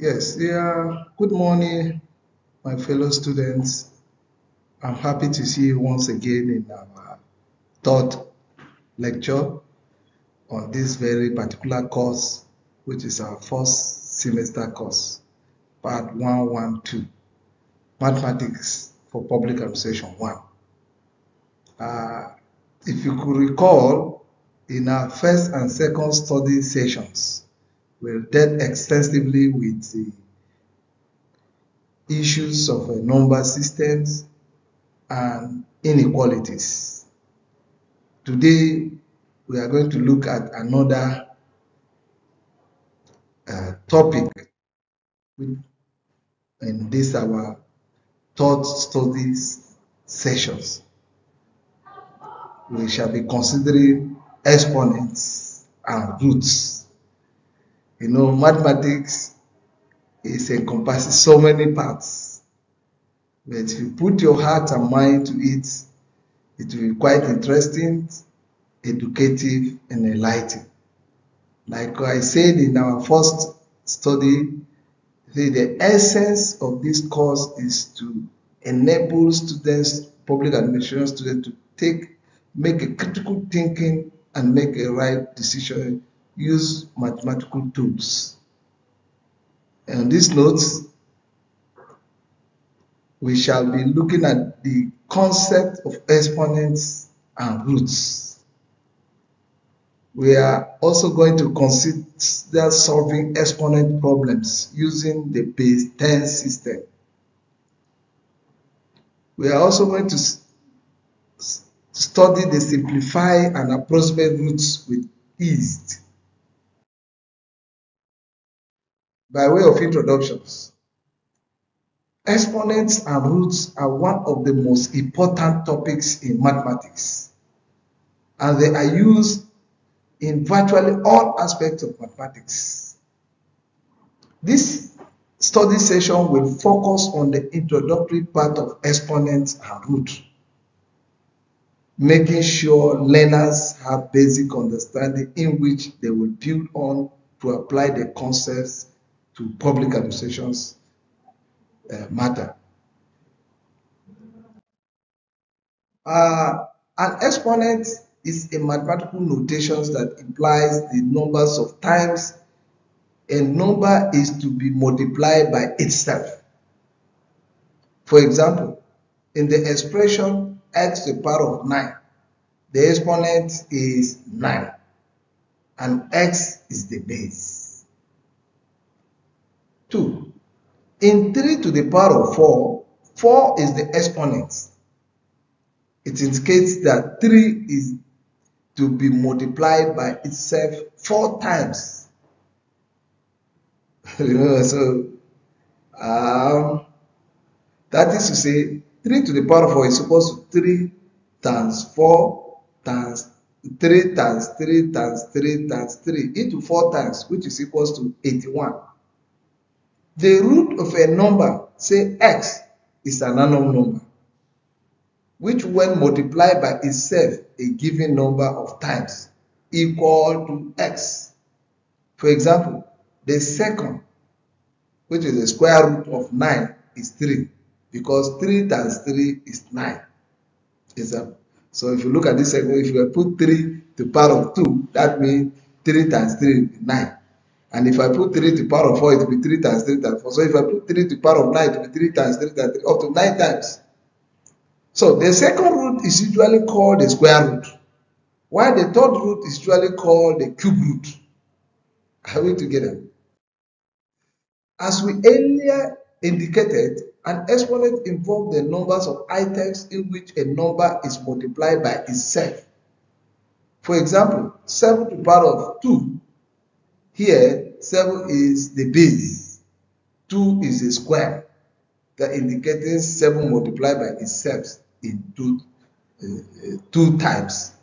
Yes, yeah. Good morning, my fellow students. I'm happy to see you once again in our third lecture on this very particular course, which is our first semester course, part 112, Mathematics for Public Administration 1. Uh, if you could recall, in our first and second study sessions, We've dealt extensively with the issues of uh, number systems and inequalities. Today, we are going to look at another uh, topic in this our thought studies sessions. We shall be considering exponents and roots you know, mathematics is encompasses so many parts. But if you put your heart and mind to it, it will be quite interesting, educative, and enlightening. Like I said in our first study, the essence of this course is to enable students, public administration students, to take, make a critical thinking and make a right decision use mathematical tools. And on this note, we shall be looking at the concept of exponents and roots. We are also going to consider solving exponent problems using the base 10 system. We are also going to study the simplify and approximate roots with ease. by way of introductions. Exponents and roots are one of the most important topics in mathematics, and they are used in virtually all aspects of mathematics. This study session will focus on the introductory part of exponents and root, making sure learners have basic understanding in which they will build on to apply the concepts to public administrations uh, matter. Uh, an exponent is a mathematical notation that implies the numbers of times a number is to be multiplied by itself. For example, in the expression x to the power of 9, the exponent is 9 and x is the base. In 3 to the power of 4, 4 is the exponent. It indicates that 3 is to be multiplied by itself 4 times. so, um, that is to say, 3 to the power of 4 is equal to 3 times 4 times 3 times 3 times 3 times 3 into 4 times, which is equal to 81. The root of a number, say x, is an unknown number, which when multiplied by itself a given number of times equal to x. For example, the second, which is the square root of 9, is 3, because 3 times 3 is 9. Example. So if you look at this second, if you put 3 to power of 2, that means 3 times 3 is 9. And if I put 3 to the power of 4, it will be 3 times 3 times 4. So if I put 3 to the power of 9, it will be 3 times 3 times 3, up to 9 times. So the second root is usually called the square root, while the third root is usually called the cube root. Are we together? As we earlier indicated, an exponent involves the numbers of items in which a number is multiplied by itself. For example, 7 to the power of 2 Here, 7 is the base, 2 is a square, that indicating 7 multiplied by itself in two, uh, uh, two times.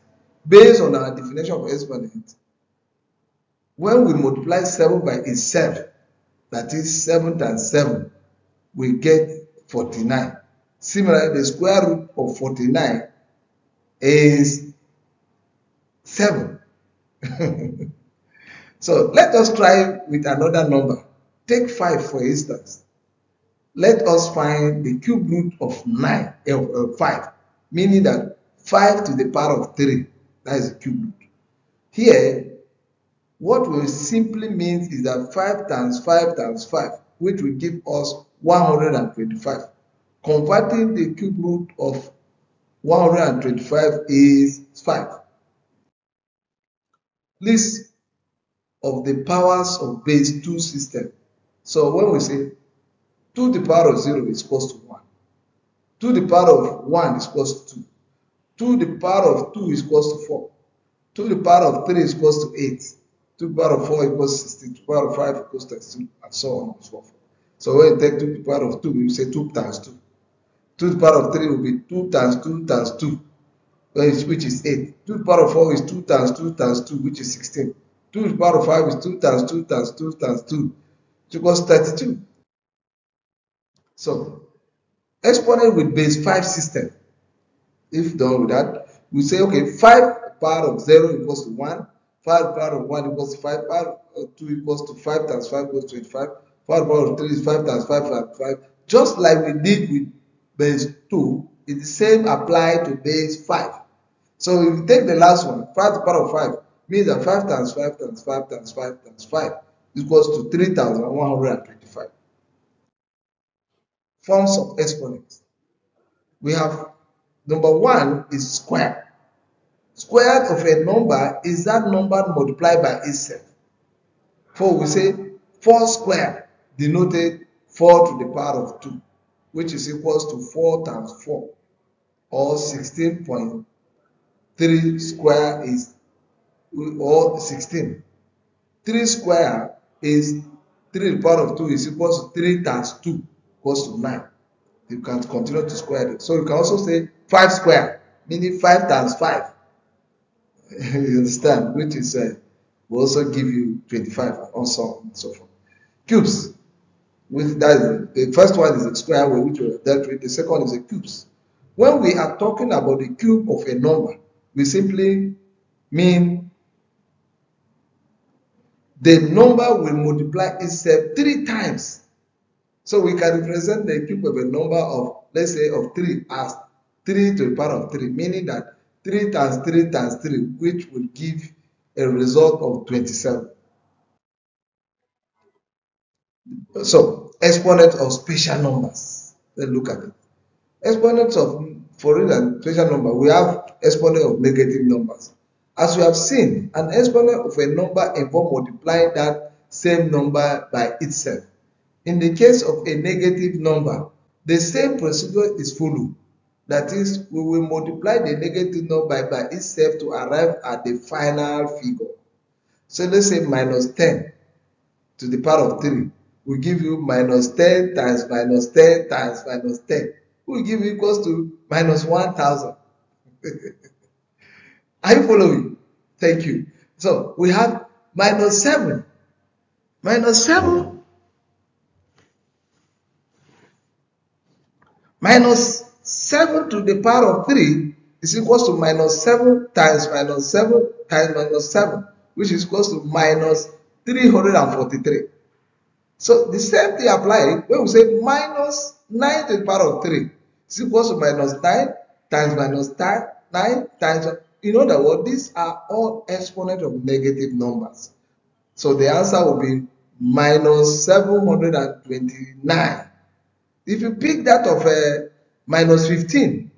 Based on our definition of exponent, when we multiply 7 by itself, that is 7 times 7, we get 49. Similarly, the square root of 49 is 7. So let us try with another number. Take 5 for instance. Let us find the cube root of 9, uh, 5, meaning that 5 to the power of 3, that is the cube root. Here, what we simply mean is that 5 times 5 times 5, which will give us 125. Converting the cube root of 125 is 5. Please of the powers of base 2 system. So when we say 2 to the power of 0 is equals to 1, 2 to the power of 1 is equals to 2, 2 to the power of 2 is equals to 4, 2 to the power of 3 is equals to 8, 2 to the power of 4 equals 16, 2 to the power of 5 equals 32, and so on and so forth. So when you take 2 to the power of 2, you say 2 times 2. 2 to the power of 3 will be 2 times 2 times 2, which is 8. 2 to the power of 4 is 2 times 2 times 2, which is 16. 2 to the power of 5 is 2 times 2 times 2 times 2 equals 32. So, exponent with base 5 system, if done with that, we say, okay, 5 power of 0 equals to 1, 5 power of 1 equals to 5, power of uh, 2 equals to 5 times 5 equals 25, 5 power of 3 is 5 times 5 times 5. Just like we did with base 2, the same apply to base 5. So if you take the last one, 5 to the power of 5, means that 5 times 5 times 5 times 5 times 5 equals to 3,125 forms of exponents. We have number one is square. Square of a number is that number multiplied by itself. For we say 4 square denoted 4 to the power of 2, which is equals to 4 times 4 or 16.3 square is or 16. 3 square is 3 part power of 2 is equal to 3 times 2 equals to 9. You can continue to square it. So you can also say 5 square, meaning 5 times 5. you understand? Which is uh, will also give you 25 and also and so forth. Cubes. With that, the first one is a square which we have dealt with. The second is a cubes. When we are talking about the cube of a number, we simply mean the number will multiply itself three times. So we can represent the cube of a number of, let's say, of 3 as 3 to the power of 3, meaning that 3 times 3 times 3, which will give a result of 27. So, exponents of special numbers. Let's look at it. Exponents of, for instance, special number, we have exponent of negative numbers. As we have seen, an exponent of a number involves multiplying that same number by itself. In the case of a negative number, the same procedure is followed. That is, we will multiply the negative number by itself to arrive at the final figure. So let's say minus 10 to the power of 3 will give you minus 10 times minus 10 times minus 10 will give you equals to minus 1000. Are you following? Thank you. So we have minus seven, Minus seven, Minus seven to the power of three is equal to minus seven times minus seven times minus seven, which is equal to minus 343. So the same thing applies when we say minus 9 to the power of 3 is equal to minus 9 times minus 9 times In other words, these are all exponent of negative numbers. So the answer will be minus 729. If you pick that of uh, minus 15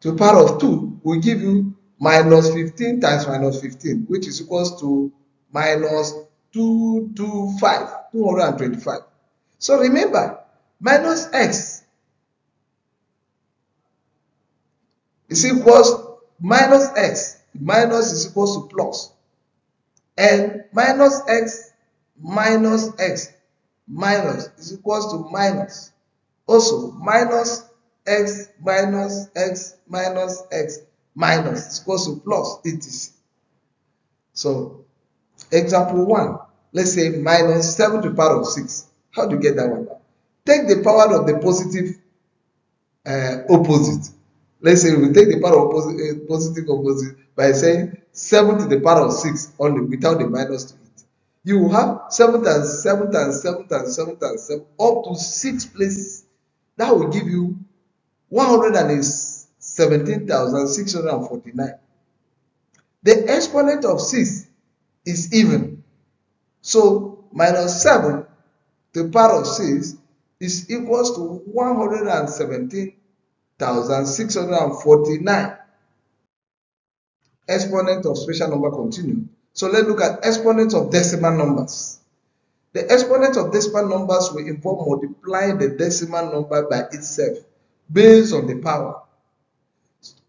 to power of 2, will give you minus 15 times minus 15, which is equals to minus 225, 225. So remember, minus x is equals minus x. Minus is equal to And minus x minus x minus is equal to minus. Also, minus x minus x minus x minus is equal to plus it is. So, example 1. Let's say minus 7 to the power of 6. How do you get that one? Take the power of the positive uh, opposite let's say we take the power of eh, positive, positive opposite by saying 7 to the power of 6 only without the minus to it. You will have 7 times 7 times 7 times 7 times 7 up to 6 places. That will give you 117,649. The exponent of 6 is even. So minus 7 to the power of 6 is equals to 117,649 thousand six hundred and forty-nine. Exponent of special number continue. So let's look at exponents of decimal numbers. The exponent of decimal numbers will involve multiplying the decimal number by itself based on the power.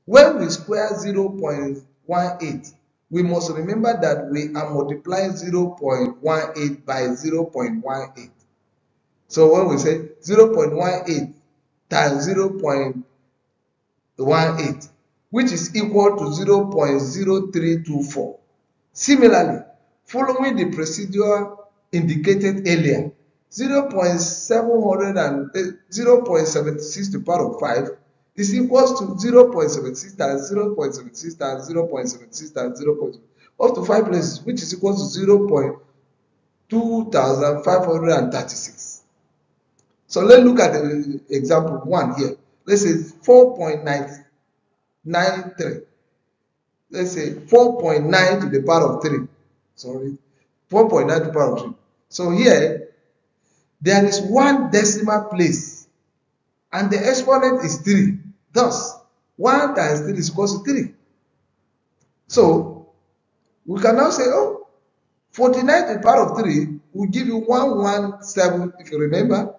When we square 0.18, we must remember that we are multiplying 0.18 by 0.18. So when we say 0.18 times 0.18 eight, which is equal to 0.0324. Similarly, following the procedure indicated earlier, 0 0.76 eh, to power of 5 is equals to 0 0.76 times 0 0.76 times 0 0.76 times 0 0.76 up to 5 places which is equal to 0 0.2536. So let's look at the example 1 here. let's say 4.993 let's say 4.9 to the power of 3 sorry 4.9 to the power of 3 so here there is one decimal place and the exponent is 3 thus 1 times 3 is equal to 3 so we can now say oh 49 to the power of 3 will give you 117 if you remember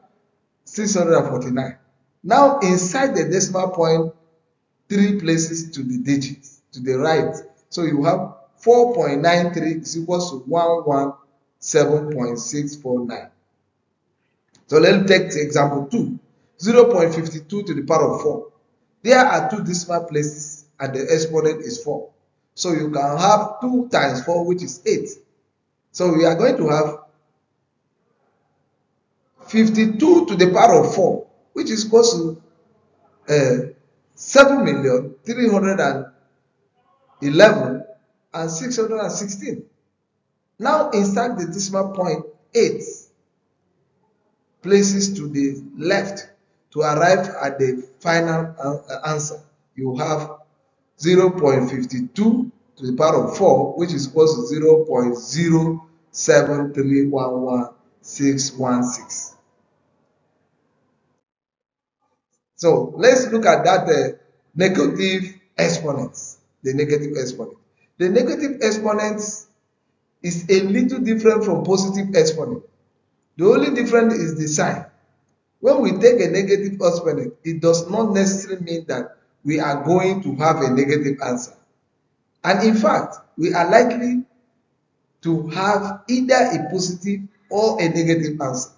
649 Now inside the decimal point, three places to the digits to the right. So you have 4.93 is equals to 117.649. So let's me take example 2. 0.52 to the power of 4. There are two decimal places and the exponent is 4. So you can have 2 times 4 which is 8. So we are going to have 52 to the power of 4 which is close to uh, seven million three hundred and eleven and six hundred and sixteen. Now insert the decimal point eight places to the left to arrive at the final eh, answer. You have 0.52 to the power of 4, which is equals to 0.07311616. So let's look at that uh, negative exponents, the negative exponent. The negative exponent is a little different from positive exponent. The only difference is the sign. When we take a negative exponent, it does not necessarily mean that we are going to have a negative answer. And in fact, we are likely to have either a positive or a negative answer.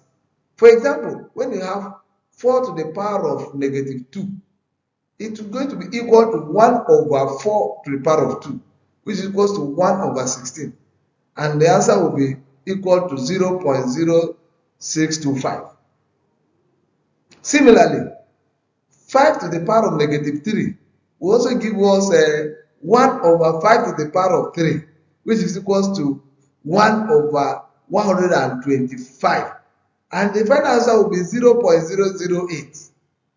For example, when you have 4 to the power of negative 2, it's going to be equal to 1 over 4 to the power of 2, which is equal to 1 over 16. And the answer will be equal to 0 0.0625. Similarly, 5 to the power of negative 3 will also give us a uh, 1 over 5 to the power of 3, which is equal to 1 over 125 and the final answer will be 0.008.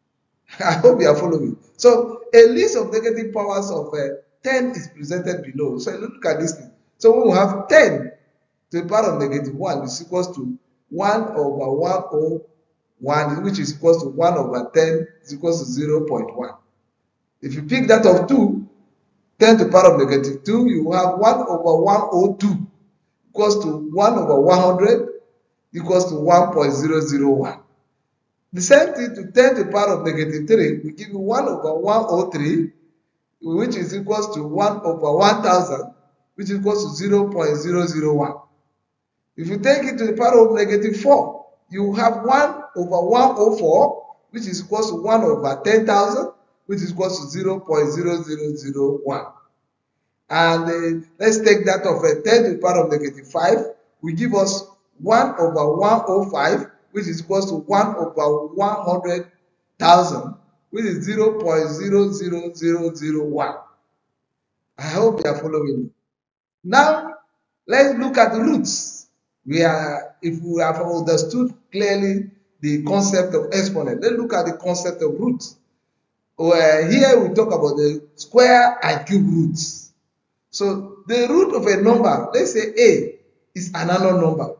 I hope you are following. So a list of negative powers of uh, 10 is presented below. So look at this thing. So we will have 10 to the power of negative 1 is equals to 1 over 1 over 1, which is equals to 1 over 10 is equals to 0.1. If you pick that of 2, 10 to the power of negative 2, you will have 1 over 102 equals to 1 over 100 equals to 1.001. The same thing to 10 to the power of negative 3 we give you 1 over 103, which is equals to 1 over 1000, which is equals to 0.001. If you take it to the power of negative 4, you have 1 over 104, which is equals to 1 over 10,000, which is equals to 0.0001. And uh, let's take that of a uh, 10 to the power of negative 5, we give us One over one oh five, which is equal to one over one hundred thousand, which is zero zero zero zero point zero one. I hope you are following me. Now, let's look at the roots. We are, if we have understood clearly the concept of exponent, let's look at the concept of roots. Where here we talk about the square and cube roots. So the root of a number, let's say A, is another number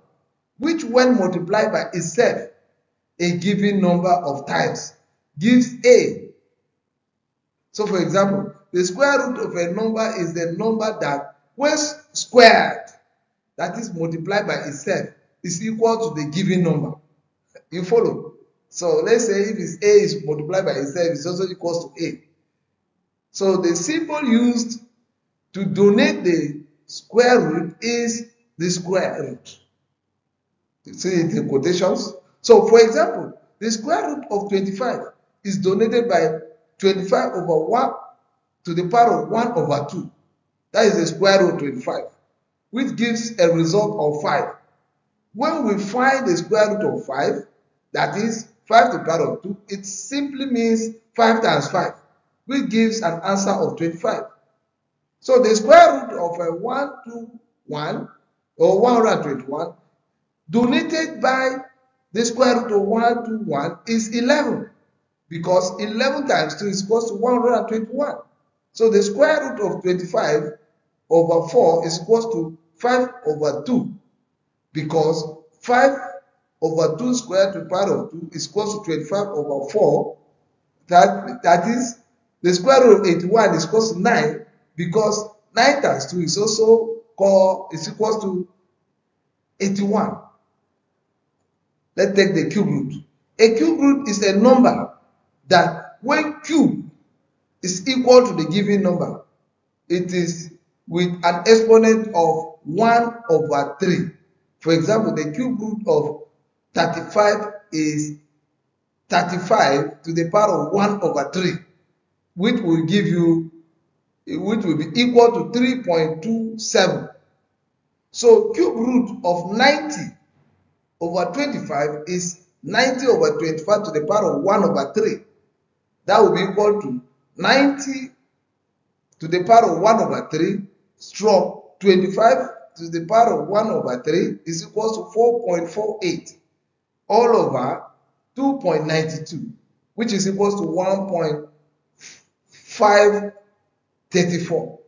which when multiplied by itself a given number of times gives a. So for example, the square root of a number is the number that when squared, that is multiplied by itself, is equal to the given number. You follow? So let's say if it's a is multiplied by itself, it's also equals to a. So the symbol used to denote the square root is the square root see it in quotations. So for example, the square root of 25 is donated by 25 over 1 to the power of 1 over 2. That is the square root of 25, which gives a result of 5. When we find the square root of 5, that is 5 to the power of 2, it simply means 5 times 5, which gives an answer of 25. So the square root of a uh, 121 or 121 donated by the square root of 121 is 11 because 11 times 2 is equal to 121. So the square root of 25 over 4 is equal to 5 over 2 because 5 over 2 squared to the power of 2 is equal to 25 over 4. That, that is the square root of 81 is equal to 9 because 9 times 2 is also called is equal to 81. Let's take the cube root. A cube root is a number that when cube is equal to the given number, it is with an exponent of 1 over 3. For example, the cube root of 35 is 35 to the power of 1 over 3, which will give you, which will be equal to 3.27. So cube root of 90 over 25 is 90 over 25 to the power of 1 over 3. That will be equal to 90 to the power of 1 over 3 stroke 25 to the power of 1 over 3 is equal to 4.48 all over 2.92 which is equal to 1.534.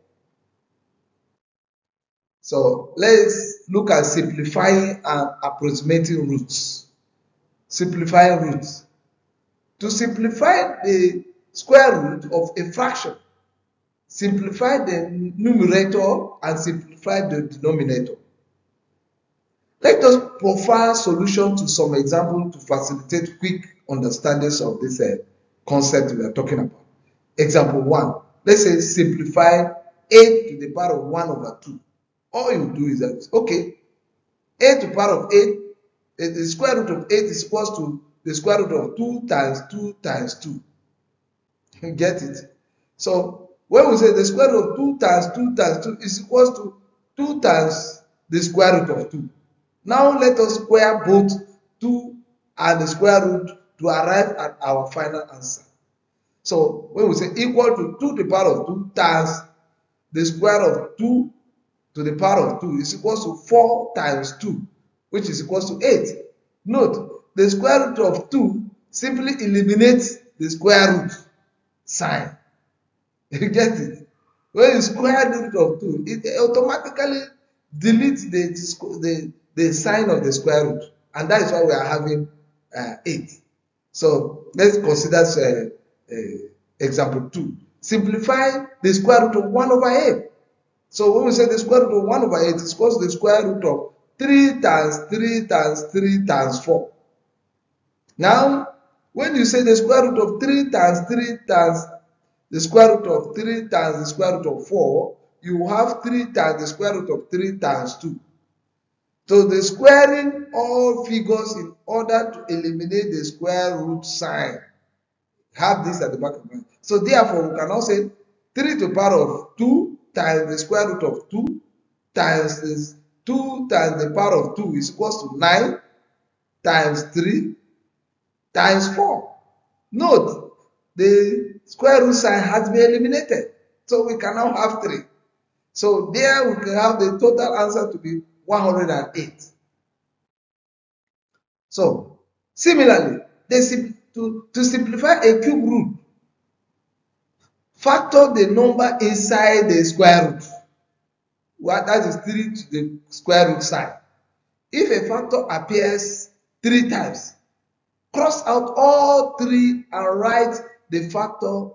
So let's look at simplifying and approximating roots. Simplifying roots. To simplify the square root of a fraction, simplify the numerator and simplify the denominator. Let us provide solution to some example to facilitate quick understanding of this uh, concept we are talking about. Example 1. Let's say simplify 8 to the power of 1 over 2. all you do is that, okay, a to power of 8, the square root of 8 is equals to the square root of 2 times 2 times 2. You get it? So when we say the square root of 2 times 2 times 2 is equals to 2 times the square root of 2. Now let us square both 2 and the square root to arrive at our final answer. So when we say equal to 2 to the power of 2 times the square of 2 to the power of 2 is equal to 4 times 2, which is equal to 8. Note, the square root of 2 simply eliminates the square root sign. You get it? When you square the root of 2, it automatically deletes the, the, the sign of the square root. And that is why we are having uh, 8. So let's consider uh, uh, example 2. Simplify the square root of 1 over 8. So when we say the square root of 1 over 8 is equal to the square root of 3 times 3 times 3 times 4. Now, when you say the square root of 3 times 3 times the square root of 3 times the square root of 4, you have 3 times the square root of 3 times 2. So the squaring all figures in order to eliminate the square root sign. Have this at the back of mind. So therefore, we cannot say 3 to the power of 2 times the square root of 2 times this 2 times the power of 2 is equals to 9 times 3 times 4. Note, the square root sign has been eliminated. So we can now have 3. So there we can have the total answer to be 108. So, similarly, to, to simplify a cube root factor the number inside the square root well that is three to the square root sign if a factor appears three times cross out all three and write the factor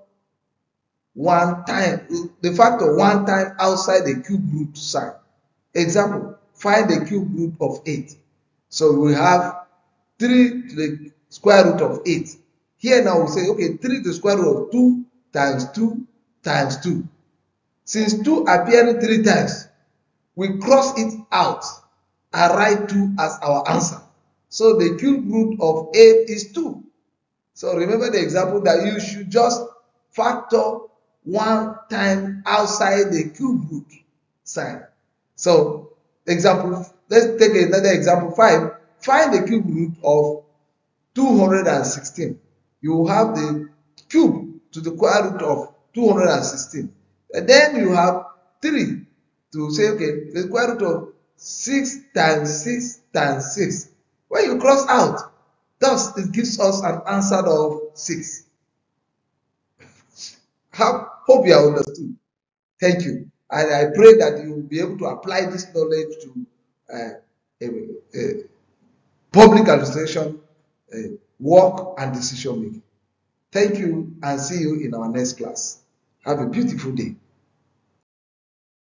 one time the factor one time outside the cube root sign example find the cube root of eight so we have three to the square root of eight here now we say okay three to the square root of two times 2 times 2. Since 2 appearing 3 times, we cross it out and write 2 as our answer. So the cube root of 8 is 2. So remember the example that you should just factor 1 time outside the cube root sign. So example, let's take another example 5. Find the cube root of 216. You have the cube to the square root of 216. And then you have 3 to say, okay, the square root of 6 times 6 times 6. When you cross out, thus it gives us an answer of 6. hope you have understood. Thank you. And I pray that you will be able to apply this knowledge to uh, a, a public administration uh, work and decision making. Thank you and see you in our next class. Have a beautiful day.